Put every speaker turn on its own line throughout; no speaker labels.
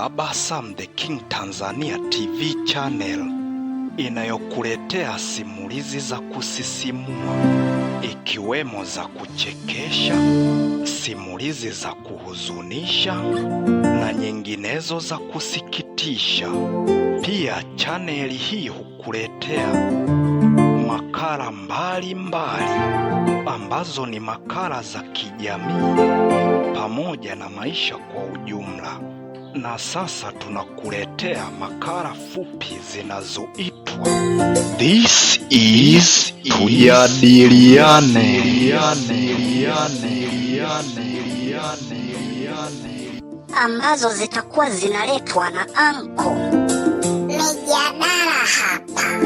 Baba Sam the King Tanzania TV channel inayokuletea simulizi za kusisimua ikiwemo za kuchekesha, simulizi za kuhuzunisha na nyinginezo za kusikitisha. Pia chaneli hii hukuletea makala mbalimbali ambazo ni makala za kijamii pamoja na maisha kwa ujumla. Na sasa tunakuletea makala fupi zinazoitwa This is Tujadiliane.
Ambazo zitakuwa zinaletwa na anko. Mijadala hapa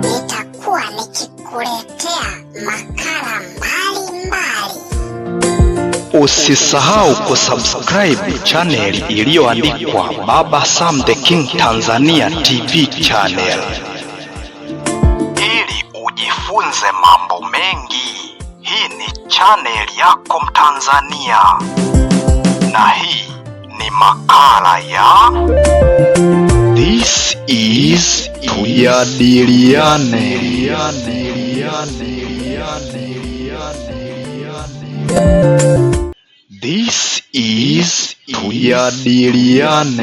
nitakuwa nikikuletea makala
Usisahau kusubscribe channel iliyoandikwa Baba Sam the King Tanzania TV channel ili ujifunze mambo mengi. Hii ni channel yako Mtanzania, na hii ni makala ya This is Tujadiliane. This is Tujadiliane.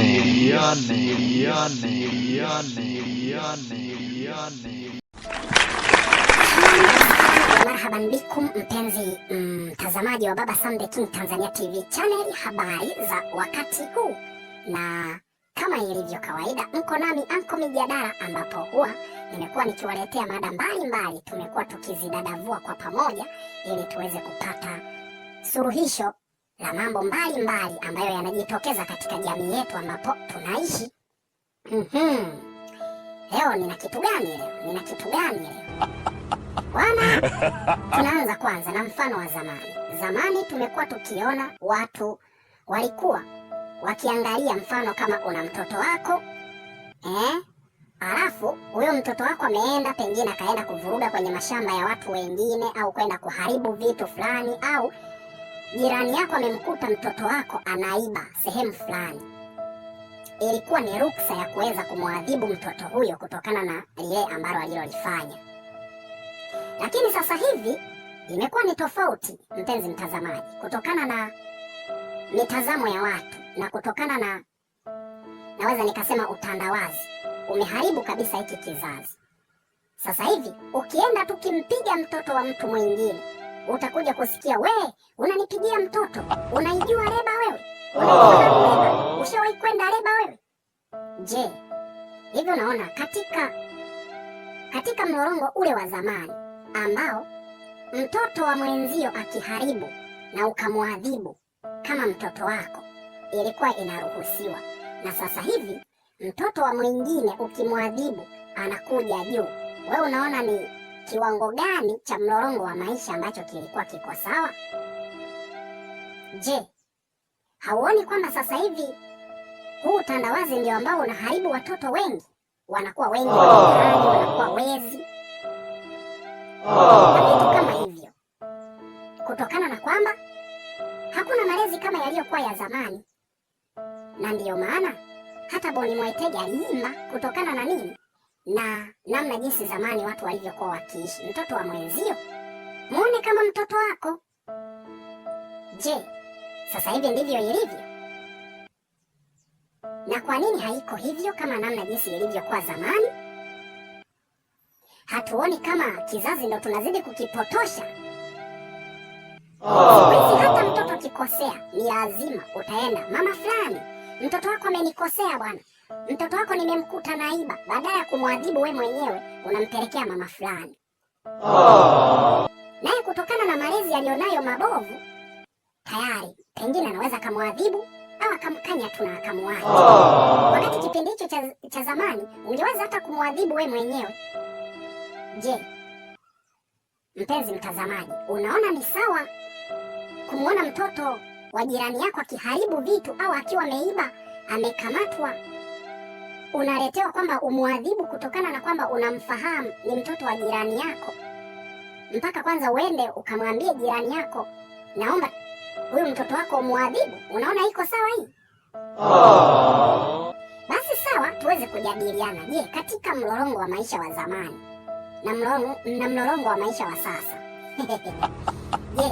Marhaban bikum mpenzi mm, mtazamaji mm, wa Baba Sam The King Tanzania TV channel, habari za wakati huu, na kama ilivyo kawaida, mko nami anko mijadala, ambapo huwa nimekuwa nikiwaletea mada mbalimbali, tumekuwa tukizidadavua kwa pamoja ili tuweze kupata suluhisho la mambo mbalimbali ambayo yanajitokeza katika jamii yetu ambapo tunaishi. Mm-hmm. Leo nina kitu gani leo? Nina kitu gani leo? Bwana, tunaanza kwanza na mfano wa zamani. Zamani tumekuwa tukiona watu walikuwa wakiangalia mfano kama una mtoto wako eh, alafu huyo mtoto wako ameenda pengine akaenda kuvuruga kwenye mashamba ya watu wengine au kwenda kuharibu vitu fulani au jirani yako amemkuta mtoto wako anaiba sehemu fulani, ilikuwa ni ruksa ya kuweza kumwadhibu mtoto huyo kutokana na lile ambalo alilolifanya. Lakini sasa hivi imekuwa ni tofauti, mpenzi mtazamaji, kutokana na mitazamo ya watu na kutokana na naweza nikasema utandawazi umeharibu kabisa hiki kizazi. Sasa hivi ukienda tukimpiga mtoto wa mtu mwingine utakuja kusikia we unanipigia mtoto, unaijua reba wewe? Oh. Ushawahi kwenda reba wewe? Je, hivyo naona katika katika mlolongo ule wa zamani ambao mtoto wa mwenzio akiharibu na ukamwadhibu kama mtoto wako, ilikuwa inaruhusiwa, na sasa hivi mtoto wa mwingine ukimwadhibu anakuja juu. wewe unaona ni kiwango gani cha mlolongo wa maisha ambacho kilikuwa kiko sawa? Je, hauoni kwamba sasa hivi huu utandawazi ndio ambao unaharibu watoto wengi? Wanakuwa wengi oh. wanakuwa wezi oh. na vitu kama hivyo, kutokana na kwamba hakuna malezi kama yaliyokuwa ya zamani, na ndiyo maana hata Boni Mwaitege aliimba kutokana na nini na namna jinsi zamani watu walivyokuwa wakiishi. Mtoto wa mwenzio muone kama mtoto wako. Je, sasa hivi ndivyo ilivyo? Na kwa nini haiko hivyo kama namna jinsi ilivyokuwa zamani? Hatuoni kama kizazi ndo tunazidi kukipotosha? Oh. Hata mtoto kikosea, ni lazima utaenda mama fulani, mtoto wako amenikosea bwana Mtoto wako nimemkuta naiba, badala ya kumwadhibu we mwenyewe unampelekea mama fulani. Ah. Naye kutokana na malezi aliyonayo mabovu tayari pengine anaweza akamwadhibu au akamkanya tu na akamwacha. Ah. Wakati kipindi hicho cha, cha zamani ungeweza hata kumwadhibu we mwenyewe. Je, mpenzi mtazamaji, unaona ni sawa kumwona mtoto wa jirani yako akiharibu vitu au akiwa ameiba, amekamatwa unaletewa kwamba umwadhibu kutokana na kwamba unamfahamu ni mtoto wa jirani yako, mpaka kwanza uende ukamwambie jirani yako, naomba huyu mtoto wako umwadhibu. Unaona iko sawa hii? Ah. Basi sawa, tuweze kujadiliana. Je, katika mlolongo wa maisha wa zamani na mlolongo, na mlolongo wa maisha wa sasa je,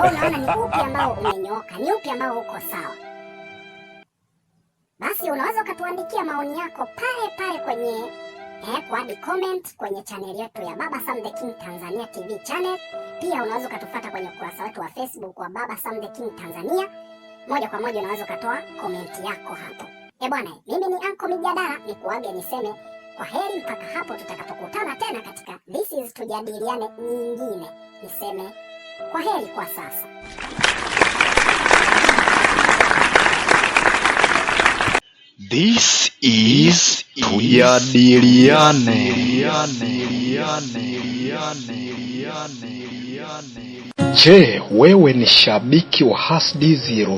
unaona ni upi ambao umenyooka? Ni upi ambao uko sawa? basi unaweza ukatuandikia maoni yako pale pale kwenye eh, kwa comment kwenye chaneli yetu ya Baba Sam the King Tanzania TV channel. Pia unaweza ukatupata kwenye ukurasa wetu wa Facebook wa Baba Sam the King Tanzania. Moja kwa moja unaweza ukatoa komenti yako hapo. Eh bwana, mimi ni Anko Mijadala, nikuage niseme kwa heri mpaka hapo tutakapokutana tena katika This is Tujadiliane nyingine. Niseme kwa heri kwa sasa.
This is Tujadiliane. Je, wewe ni shabiki wa Hasd 02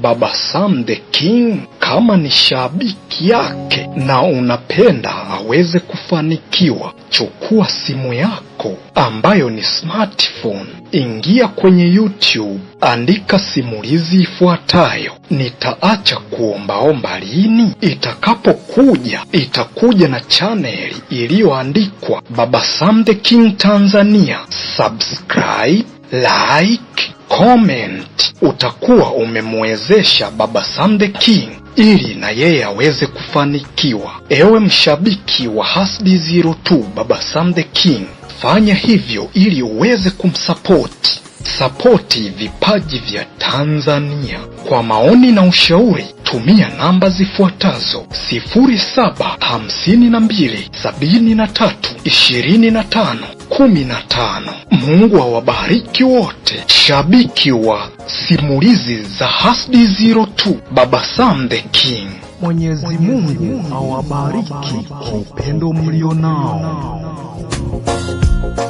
Baba Sam the King? Kama ni shabiki yake na unapenda aweze kufanikiwa, chukua simu yako yako ambayo ni smartphone. Ingia kwenye YouTube, andika simulizi ifuatayo, nitaacha kuombaomba lini. Itakapokuja itakuja na chaneli iliyoandikwa Baba Sam the King Tanzania. Subscribe, like, comment. Utakuwa umemwezesha Baba Sam the King ili na yeye aweze kufanikiwa. Ewe mshabiki wa Hasdi 02 Baba Sam the King, Fanya hivyo ili uweze kumsapoti. Sapoti vipaji vya Tanzania. Kwa maoni na ushauri tumia namba zifuatazo: 752732515 Mungu awabariki wote. Shabiki wa simulizi za Hasdi 02, Baba Sam the King. Mwenyezi Mungu awabariki kwa upendo mlionao. Thank you.